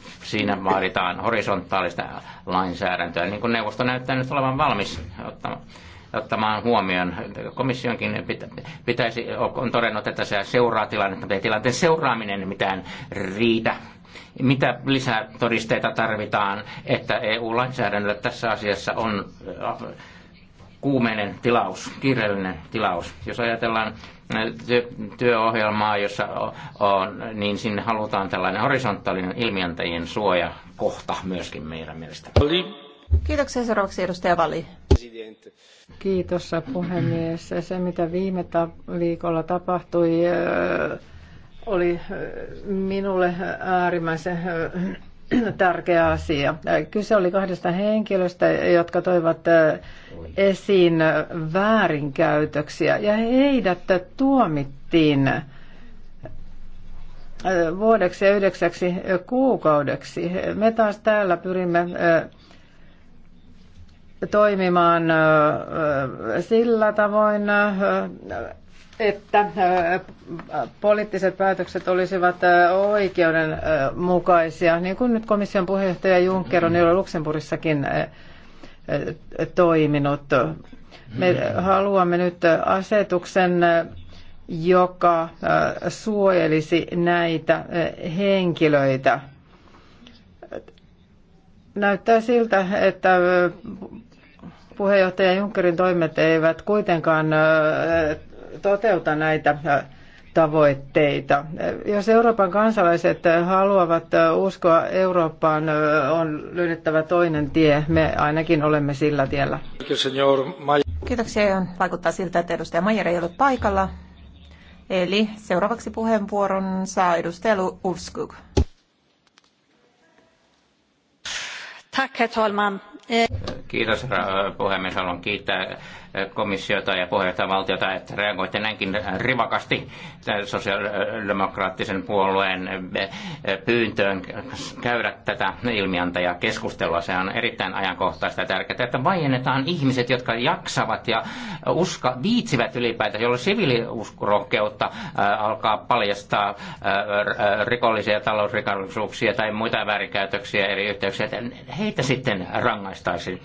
siinä vaaditaan horisontaalista lainsäädäntöä, niin kuin neuvosto näyttää nyt olevan valmis ottamaan ottamaan huomioon. Komissionkin pitäisi, on todennut, että se seuraa tilannetta, mutta ei tilanteen seuraaminen mitään riitä. Mitä lisää todisteita tarvitaan, että EU-lainsäädännöllä tässä asiassa on äh, kuumeinen tilaus, kiireellinen tilaus. Jos ajatellaan äh, työ, työohjelmaa, jossa on, niin sinne halutaan tällainen horisontaalinen ilmiöntäjien suoja kohta myöskin meidän mielestä. Kiitoksia seuraavaksi edustaja Vali. Kiitos puhemies. Se mitä viime ta- viikolla tapahtui äh, oli äh, minulle äärimmäisen äh, tärkeä asia. Kyse oli kahdesta henkilöstä, jotka toivat äh, esiin väärinkäytöksiä ja heidät tuomittiin vuodeksi ja yhdeksäksi kuukaudeksi. Me taas täällä pyrimme toimimaan sillä tavoin, että poliittiset päätökset olisivat oikeudenmukaisia, niin kuin nyt komission puheenjohtaja Juncker on jo Luxemburgissakin toiminut. Me haluamme nyt asetuksen, joka suojelisi näitä henkilöitä. Näyttää siltä, että puheenjohtaja Junckerin toimet eivät kuitenkaan toteuta näitä äh, tavoitteita. Jos Euroopan kansalaiset äh, haluavat äh, uskoa Eurooppaan, on löydettävä toinen tie. Me ainakin olemme sillä tiellä. Kiitoksia. Vaikuttaa siltä, että edustaja Maijer ei ole paikalla. Eli seuraavaksi puheenvuoron saa edustaja Ulfskog. Tack, herr talman. Kiitos puhemies. Haluan kiittää komissiota ja valtiota, että reagoitte näinkin rivakasti sosiaalidemokraattisen puolueen pyyntöön käydä tätä keskustelua. Se on erittäin ajankohtaista ja tärkeää, että vaiennetaan ihmiset, jotka jaksavat ja uska, viitsivät ylipäätään, jolloin siviilirohkeutta äh, alkaa paljastaa äh, rikollisia talousrikollisuuksia tai muita väärinkäytöksiä eri yhteyksiä. Heitä sitten rangaistaisiin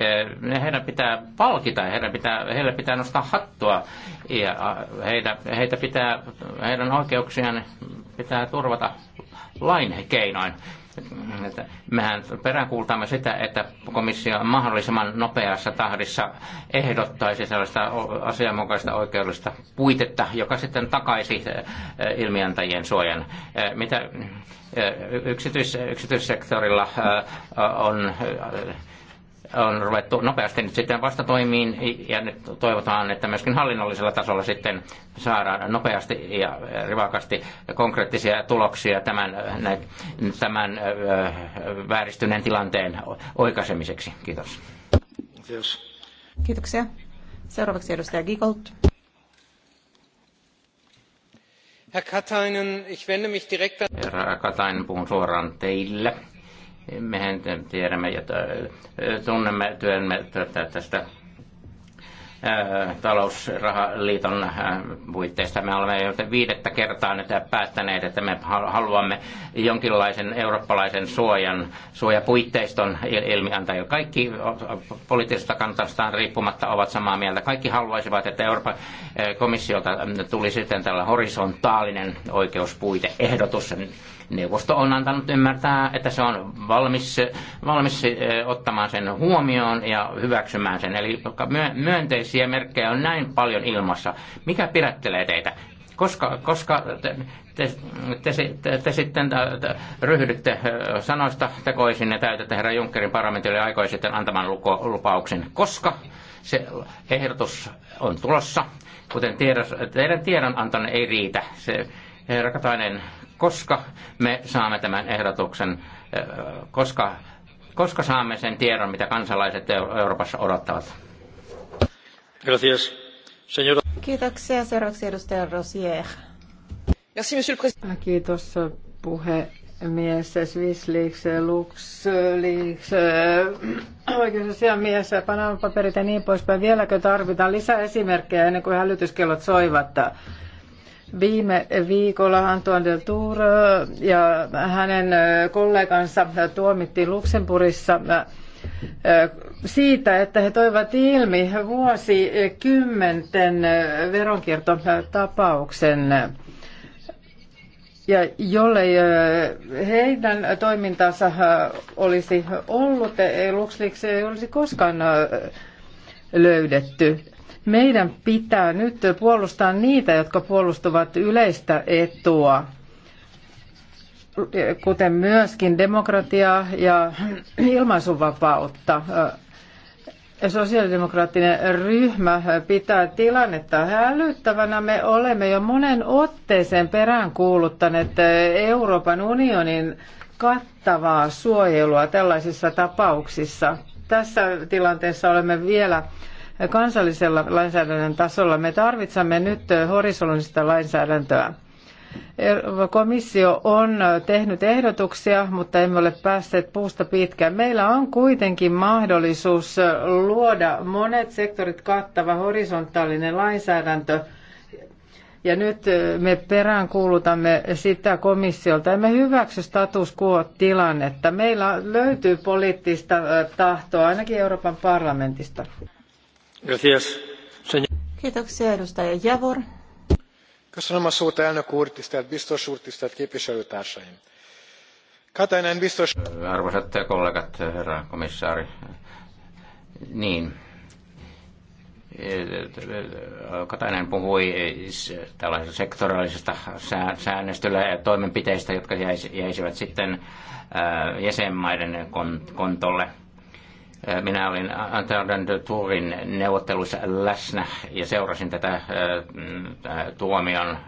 Eh, heidän pitää palkita, heidän pitää, heille pitää nostaa hattua ja heitä, heitä pitää, heidän oikeuksiaan pitää turvata lain keinoin. Että mehän peräänkuultamme sitä, että komissio mahdollisimman nopeassa tahdissa ehdottaisi sellaista asianmukaista oikeudellista puitetta, joka sitten takaisi eh, ilmiantajien suojan. Eh, mitä yksityis- yksityissektorilla on on ruvettu nopeasti nyt sitten vastatoimiin ja nyt toivotaan, että myöskin hallinnollisella tasolla sitten saadaan nopeasti ja rivakasti konkreettisia tuloksia tämän, tämän vääristyneen tilanteen oikaisemiseksi. Kiitos. Kiitos. Kiitoksia. Seuraavaksi edustaja Gigold. Herr Katainen, ich wende mich direkt an... Herra Katainen, puhun suoraan teille Mehän tiedämme ja tunnemme työmme tästä talousrahaliiton puitteista. Me olemme jo viidettä kertaa nyt päättäneet, että me haluamme jonkinlaisen eurooppalaisen suojan, suojapuitteiston ilmiantajille. Kaikki poliittisesta kantastaan riippumatta ovat samaa mieltä. Kaikki haluaisivat, että Euroopan komissiolta tuli sitten tällä horisontaalinen oikeuspuiteehdotus Neuvosto on antanut ymmärtää, että se on valmis, valmis eh, ottamaan sen huomioon ja hyväksymään sen. Eli myönteisiä merkkejä on näin paljon ilmassa. Mikä pidättelee teitä? koska, koska te, te, te, te, te sitten te, ryhdytte eh, sanoista tekoisin ja täytätte herra Junckerin parlamentille aikoja sitten antaman luko, lupauksen, koska se ehdotus on tulossa. Kuten tiedos, teidän tiedonantonne ei riitä. Se, herra Katainen koska me saamme tämän ehdotuksen, eh, koska, koska saamme sen tiedon, mitä kansalaiset Euroopassa odottavat. Gracias. Señora. Kiitoksia. Seuraavaksi edustaja Rosier. Merci, monsieur le président. Ah, kiitos puhemies. Swiss Lux Leaks, äh, oikeusasiamies, Panama-paperit ja niin poispäin. Vieläkö tarvitaan lisää esimerkkejä ennen kuin hälytyskellot soivat? Viime viikolla Antoine de Tour äh, ja hänen äh, kollegansa äh, tuomittiin Luxemburgissa siitä, että he toivat ilmi vuosikymmenten veronkiertotapauksen. Ja jollei heidän toimintansa olisi ollut, ei LuxLeaks ei olisi koskaan löydetty. Meidän pitää nyt puolustaa niitä, jotka puolustavat yleistä etua, kuten myöskin demokratiaa ja ilmaisuvapautta. Sosiaalidemokraattinen ryhmä pitää tilannetta hälyttävänä. Me olemme jo monen otteeseen peräänkuuluttaneet Euroopan unionin kattavaa suojelua tällaisissa tapauksissa. Tässä tilanteessa olemme vielä kansallisella lainsäädännön tasolla. Me tarvitsemme nyt horisontista lainsäädäntöä. Komissio on tehnyt ehdotuksia, mutta emme ole päässeet puusta pitkään. Meillä on kuitenkin mahdollisuus luoda monet sektorit kattava horisontaalinen lainsäädäntö. Ja nyt me peräänkuulutamme sitä komissiolta. Emme hyväksy status quo-tilannetta. Meillä löytyy poliittista tahtoa ainakin Euroopan parlamentista. Kiitoksia edustaja Javor. Köszönöm a szót, elnök úr, tisztelt biztos úr, tisztelt képviselőtársaim. Katainen biztos... Arvoisat kollegat, herra komissaari. Niin, Katainen puhui siis tällaisesta sektoraalisesta säännöstöllä ja toimenpiteistä, jotka jäisivät sitten jäsenmaiden kontolle – minä olin Antauden Tourin neuvotteluissa läsnä ja seurasin tätä äh, äh, tuomion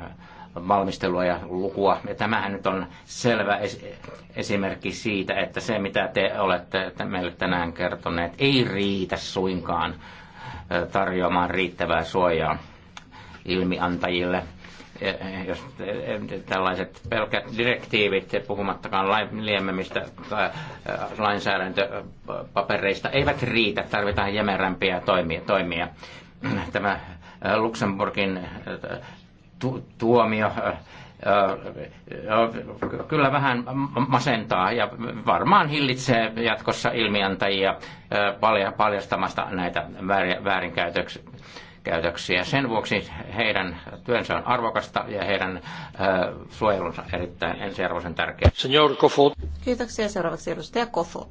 valmistelua ja lukua. Ja tämähän nyt on selvä esimerkki siitä, että se mitä te olette meille tänään kertoneet ei riitä suinkaan äh, tarjoamaan riittävää suojaa ilmiantajille Eh, jos eh, eh, tällaiset pelkät direktiivit, puhumattakaan liemmemmistä äh, äh, lainsäädäntöpapereista, eivät riitä. Tarvitaan jämerämpiä toimia. toimia. Tämä äh, Luxemburgin tu- tuomio kyllä vähän masentaa ja varmaan hillitsee jatkossa ilmiantajia paljastamasta näitä väärinkäytöksiä käytöksiä. Sen vuoksi heidän työnsä on arvokasta ja heidän äh, suojelunsa erittäin ensiarvoisen tärkeä. Senior Kofod. Kiitoksia. Seuraavaksi edustaja Kofod.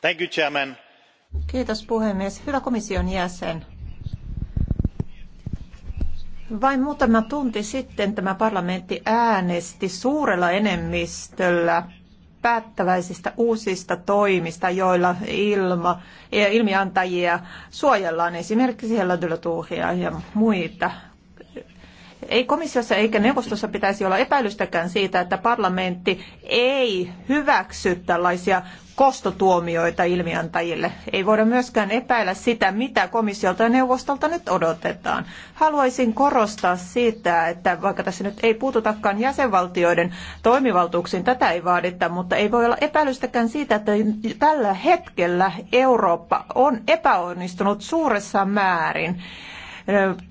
Thank you, Chairman. Kiitos puhemies. Hyvä komission jäsen. Vain muutama tunti sitten tämä parlamentti äänesti suurella enemmistöllä päättäväisistä uusista toimista, joilla ilma, ilmiantajia suojellaan, esimerkiksi Helladylatuuhia ja muita. Ei komissiossa eikä neuvostossa pitäisi olla epäilystäkään siitä, että parlamentti ei hyväksy tällaisia kostotuomioita ilmiantajille. Ei voida myöskään epäillä sitä, mitä komissiolta ja neuvostolta nyt odotetaan. Haluaisin korostaa sitä, että vaikka tässä nyt ei puututakaan jäsenvaltioiden toimivaltuuksiin, tätä ei vaadita, mutta ei voi olla epäilystäkään siitä, että tällä hetkellä Eurooppa on epäonnistunut suuressa määrin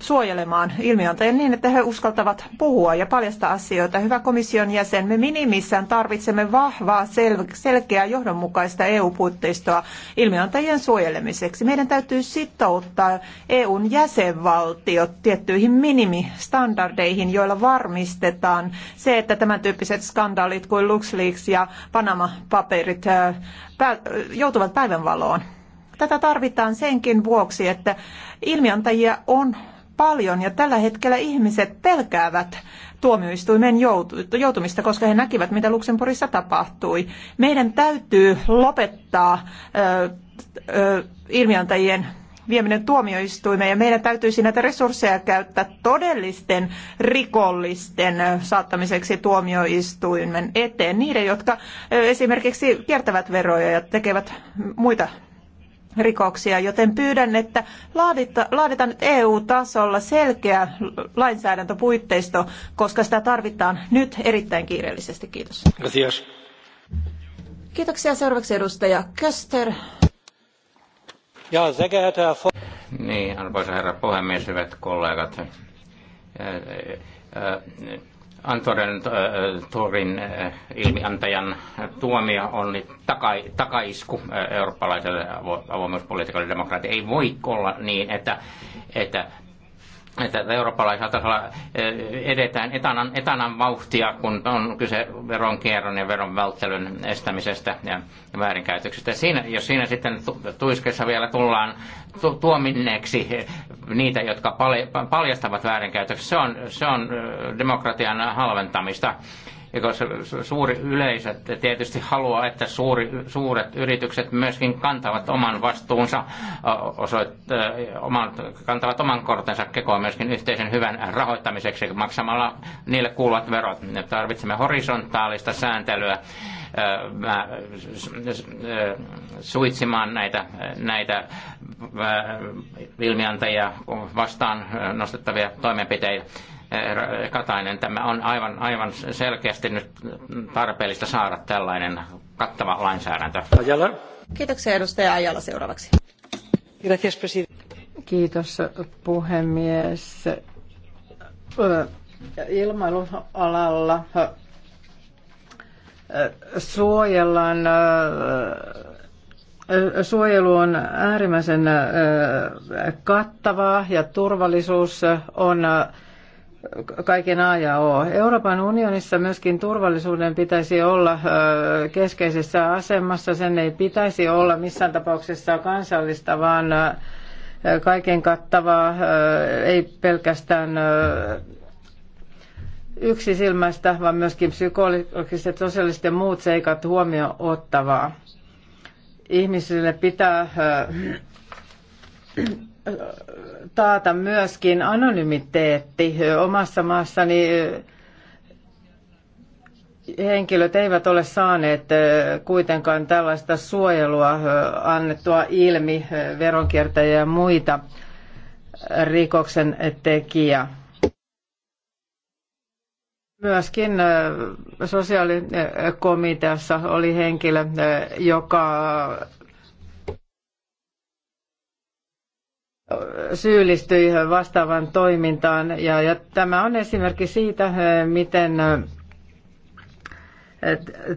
suojelemaan ilmiöntäjä niin, että he uskaltavat puhua ja paljastaa asioita. Hyvä komission jäsen, me minimissään tarvitsemme vahvaa, sel- selkeää, johdonmukaista EU-puitteistoa ilmiöntäjien suojelemiseksi. Meidän täytyy sitouttaa EUn jäsenvaltiot tiettyihin minimistandardeihin, joilla varmistetaan se, että tämän tyyppiset skandaalit kuin LuxLeaks ja Panama-paperit joutuvat päivänvaloon. Tätä tarvitaan senkin vuoksi, että ilmiantajia on paljon ja tällä hetkellä ihmiset pelkäävät tuomioistuimen joutumista, koska he näkivät, mitä Luxemburgissa tapahtui. Meidän täytyy lopettaa ö, ö, ilmiantajien vieminen tuomioistuimeen ja meidän täytyisi näitä resursseja käyttää todellisten rikollisten saattamiseksi tuomioistuimen eteen. Niiden, jotka esimerkiksi kiertävät veroja ja tekevät muita rikoksia, joten pyydän, että laadita, laaditaan EU-tasolla selkeä lainsäädäntöpuitteisto, koska sitä tarvitaan nyt erittäin kiireellisesti. Kiitos. Kiitos. Kiitoksia. Seuraavaksi edustaja Köster. Ja, sehr geehrter niin, arvoisa herra puhemies, hyvät kollegat. Äh, äh, äh, Antoren äh, Tuorin äh, ilmiantajan tuomio on taka, takaisku äh, eurooppalaiselle avoimuuspolitiikalle demokraatia. Ei voi olla niin, että, että että eurooppalaisella tasolla eh, edetään etanan, etanan vauhtia, kun on kyse veronkierron ja veron välttelyn estämisestä ja väärinkäytöksestä. Siinä, jos siinä sitten tuiskessa vielä tullaan tu, tuominneeksi eh, niitä, jotka paljastavat väärinkäytöksiä, se on, se on eh, demokratian halventamista koska suuri yleisö tietysti haluaa, että suuri, suuret yritykset myöskin kantavat oman vastuunsa, osoit, oman, kantavat oman kortensa kekoon myöskin yhteisen hyvän rahoittamiseksi maksamalla niille kuuluvat verot. Me tarvitsemme horisontaalista sääntelyä suitsimaan näitä, näitä ilmiantajia vastaan nostettavia toimenpiteitä Katainen, tämä on aivan, aivan selkeästi nyt tarpeellista saada tällainen kattava lainsäädäntö. Ajala. Kiitoksia edustaja Ajala seuraavaksi. Kiitos puhemies. Ilmailualalla suojellaan suojelu on äärimmäisen kattavaa ja turvallisuus on kaiken ajan ja Euroopan unionissa myöskin turvallisuuden pitäisi olla keskeisessä asemassa. Sen ei pitäisi olla missään tapauksessa kansallista, vaan kaiken kattavaa, ei pelkästään yksisilmäistä, vaan myöskin psykologiset, sosiaaliset ja muut seikat huomioon ottavaa. Ihmisille pitää taata myöskin anonymiteetti. Omassa maassani henkilöt eivät ole saaneet kuitenkaan tällaista suojelua annettua ilmi veronkiertäjiä ja muita rikoksen tekijä. Myöskin sosiaalikomiteassa oli henkilö, joka syyllistyi vastaavan toimintaan. Ja, ja tämä on esimerkki siitä, eh, miten eh,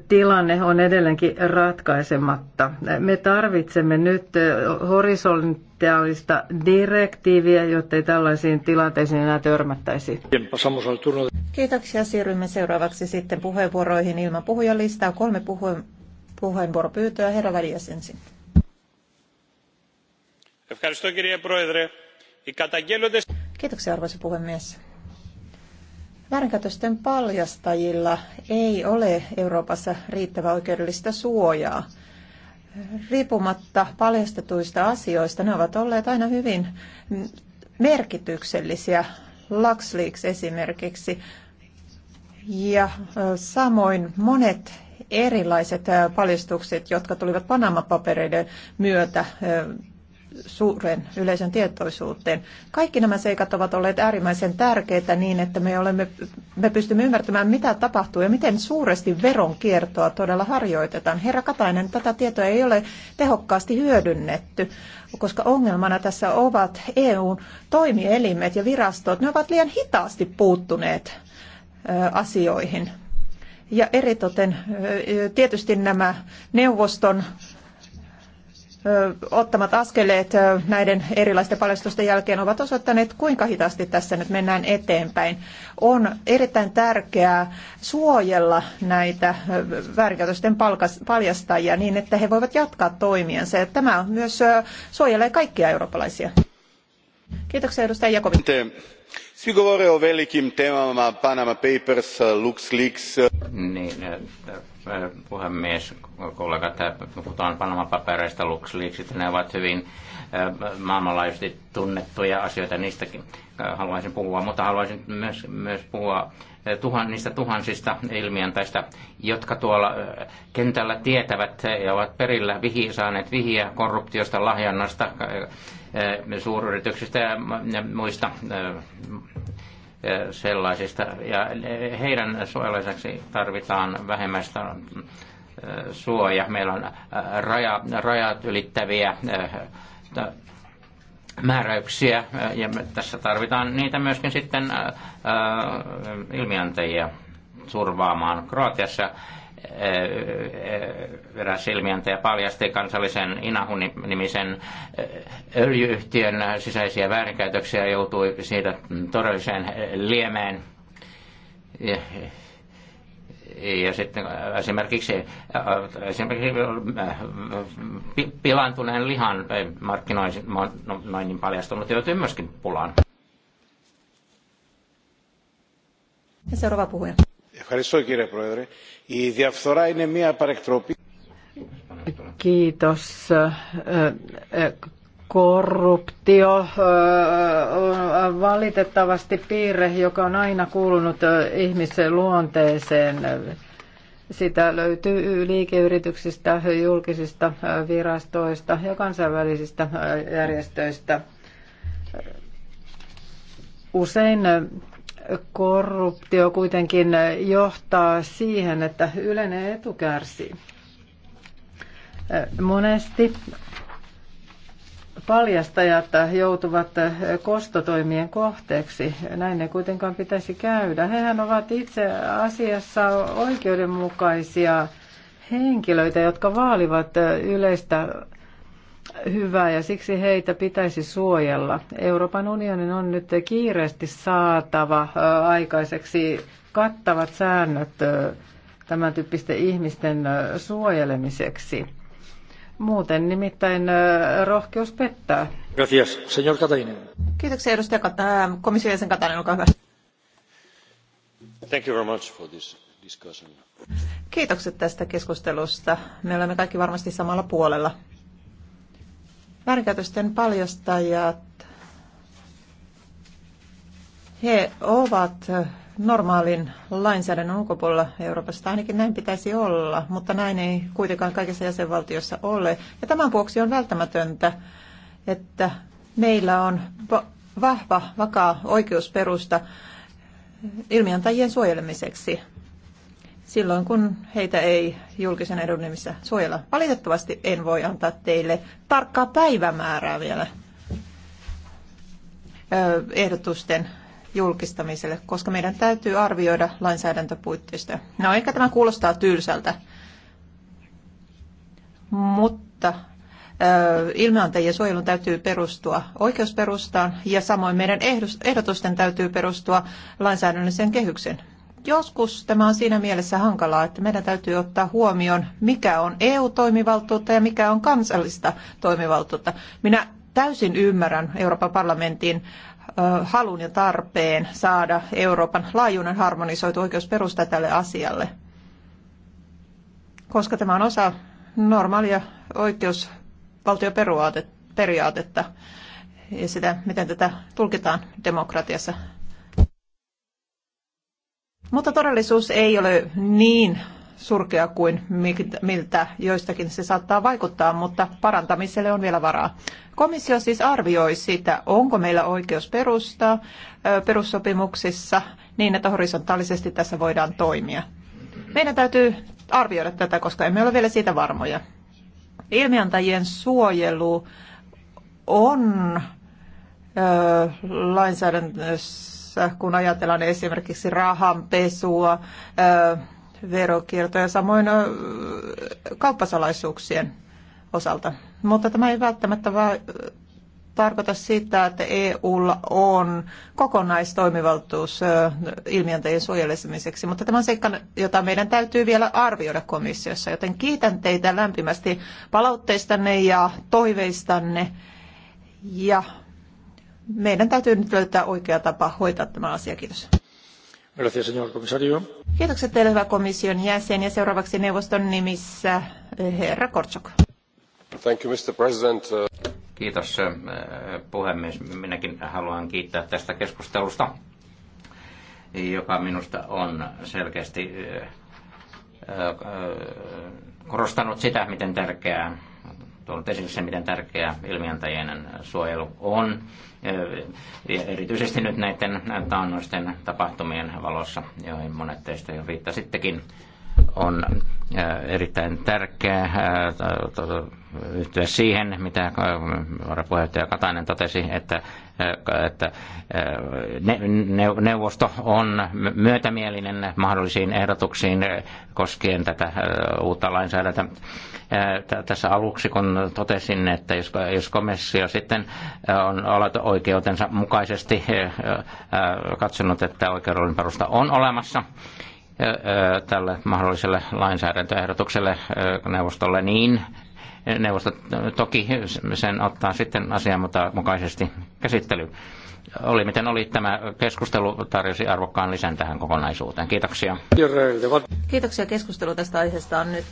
tilanne on edelleenkin ratkaisematta. Me tarvitsemme nyt eh, horisontaalista direktiiviä, jotta ei tällaisiin tilanteisiin enää törmättäisi. Kiitoksia. Siirrymme seuraavaksi sitten puheenvuoroihin ilman puhujalistaa. Kolme puhe- puheenvuoropyyntöä. Herra Väliäs ensin arvoisa puhemies. Väärinkäytösten paljastajilla ei ole Euroopassa riittävää oikeudellista suojaa. Riippumatta paljastetuista asioista, ne ovat olleet aina hyvin merkityksellisiä, LuxLeaks esimerkiksi. Ja samoin monet erilaiset paljastukset, jotka tulivat Panama-papereiden myötä suuren yleisön tietoisuuteen. Kaikki nämä seikat ovat olleet äärimmäisen tärkeitä niin, että me, olemme, me pystymme ymmärtämään, mitä tapahtuu ja miten suuresti veronkiertoa todella harjoitetaan. Herra Katainen, tätä tietoa ei ole tehokkaasti hyödynnetty, koska ongelmana tässä ovat EUn toimielimet ja virastot. Ne ovat liian hitaasti puuttuneet asioihin. Ja eritoten tietysti nämä neuvoston ottamat askeleet näiden erilaisten paljastusten jälkeen ovat osoittaneet, kuinka hitaasti tässä nyt mennään eteenpäin. On erittäin tärkeää suojella näitä väärinkäytösten paljastajia niin, että he voivat jatkaa toimiansa. Ja tämä myös suojelee kaikkia eurooppalaisia. Kiitoksia edustaja Jakovi. Svi govore o velikim temama Panama Papers, LuxLeaks. Niin, Äh, puhemies, kollegat, äh, puhutaan Panama-papereista, LuxLeaksista, ne ovat hyvin äh, maailmanlaajuisesti tunnettuja asioita, niistäkin haluaisin puhua, mutta haluaisin myös, myös puhua tuhan, niistä tuhansista ilmiöntäistä, jotka tuolla kentällä tietävät ja ovat perillä vihi, saaneet vihiä korruptiosta, lahjannasta, suuryrityksistä ja muista sellaisista. Ja heidän suojelaiseksi tarvitaan vähemmästä äh, suoja. Meillä on äh, raja, rajat ylittäviä äh, määräyksiä ja tässä tarvitaan niitä myöskin sitten ilmiantajia turvaamaan Kroatiassa Eh, eräs ja paljasti kansallisen Inahu-nimisen eh, öljyyhtiön sisäisiä väärinkäytöksiä joutui siitä todelliseen liemeen. Ja, ja sitten esimerkiksi, esimerkiksi pilantuneen lihan markkinoinnin niin paljastunut joutui myöskin pulaan. Ja seuraava puhuja. Ευχαριστώ κύριε Πρόεδρε. Η διαφθορά είναι μια παρεκτροπή. Korruptio on valitettavasti piirre, joka on aina kuulunut ihmisen luonteeseen. Sitä löytyy liikeyrityksistä, julkisista virastoista ja kansainvälisistä järjestöistä. Usein Korruptio kuitenkin johtaa siihen, että yleinen etu kärsii. Monesti paljastajat joutuvat kostotoimien kohteeksi. Näin ne kuitenkaan pitäisi käydä. Hehän ovat itse asiassa oikeudenmukaisia henkilöitä, jotka vaalivat yleistä hyvää ja siksi heitä pitäisi suojella. Euroopan unionin on nyt kiireesti saatava aikaiseksi kattavat säännöt tämän tyyppisten ihmisten suojelemiseksi. Muuten nimittäin rohkeus pettää. Gracias, señor Katainen. Kiitoksia edustaja komission jäsen Katainen, olkaa hyvä. Thank you very much for this discussion. Kiitokset tästä keskustelusta. Me olemme kaikki varmasti samalla puolella. Väärinkäytösten paljastajat, he ovat normaalin lainsäädännön ulkopuolella Euroopassa. Ainakin näin pitäisi olla, mutta näin ei kuitenkaan kaikissa jäsenvaltiossa ole. Ja tämän vuoksi on välttämätöntä, että meillä on vahva, vakaa oikeusperusta ilmiantajien suojelemiseksi silloin, kun heitä ei julkisen edun nimissä suojella. Valitettavasti en voi antaa teille tarkkaa päivämäärää vielä ehdotusten julkistamiselle, koska meidän täytyy arvioida lainsäädäntöpuitteista. No ehkä tämä kuulostaa tylsältä, mutta ilmeantajien suojelun täytyy perustua oikeusperustaan ja samoin meidän ehdotusten täytyy perustua lainsäädännölliseen kehykseen. Joskus tämä on siinä mielessä hankalaa, että meidän täytyy ottaa huomioon, mikä on EU-toimivaltuutta ja mikä on kansallista toimivaltuutta. Minä täysin ymmärrän Euroopan parlamentin halun ja tarpeen saada Euroopan laajuinen harmonisoitu oikeusperusta tälle asialle, koska tämä on osa normaalia oikeusvaltioperiaatetta ja sitä, miten tätä tulkitaan demokratiassa. Mutta todellisuus ei ole niin surkea kuin miltä joistakin se saattaa vaikuttaa, mutta parantamiselle on vielä varaa. Komissio siis arvioi sitä, onko meillä oikeus perustaa perussopimuksissa niin, että horisontaalisesti tässä voidaan toimia. Meidän täytyy arvioida tätä, koska emme ole vielä siitä varmoja. Ilmiantajien suojelu on ö, lainsäädännössä tässä, kun ajatellaan esimerkiksi rahanpesua, verokiertoja, samoin kauppasalaisuuksien osalta. Mutta tämä ei välttämättä va- tarkoita sitä, että EUlla on kokonaistoimivaltuus ilmiöntäjien suojelemiseksi, mutta tämä on seikka, jota meidän täytyy vielä arvioida komissiossa, joten kiitän teitä lämpimästi palautteistanne ja toiveistanne ja meidän täytyy nyt löytää oikea tapa hoitaa tämä asia. Kiitos. Gracias, señor Kiitokset teille, hyvä komission jäsen. Ja seuraavaksi neuvoston nimissä eh, herra Kortsok. Thank you, Mr. President. Kiitos eh, puhemies. Minäkin haluan kiittää tästä keskustelusta, joka minusta on selkeästi eh, korostanut sitä, miten tärkeää, tuonut esille sen, miten tärkeää ilmiantajien suojelu on erityisesti nyt näiden taannoisten tapahtumien valossa, joihin monet teistä jo viittasittekin, on erittäin tärkeää yhtyä siihen, mitä varapuheenjohtaja Katainen totesi, että että neuvosto on myötämielinen mahdollisiin ehdotuksiin koskien tätä uutta lainsäädäntöä tässä aluksi, kun totesin, että jos, jos komissio sitten on oikeutensa mukaisesti katsonut, että oikeudellinen perusta on olemassa, tälle mahdolliselle lainsäädäntöehdotukselle neuvostolle, niin neuvosto toki sen ottaa sitten asianmukaisesti käsittelyyn. Oli miten oli, tämä keskustelu tarjosi arvokkaan lisän tähän kokonaisuuteen. Kiitoksia. Kiitoksia. Keskustelu tästä aiheesta on nyt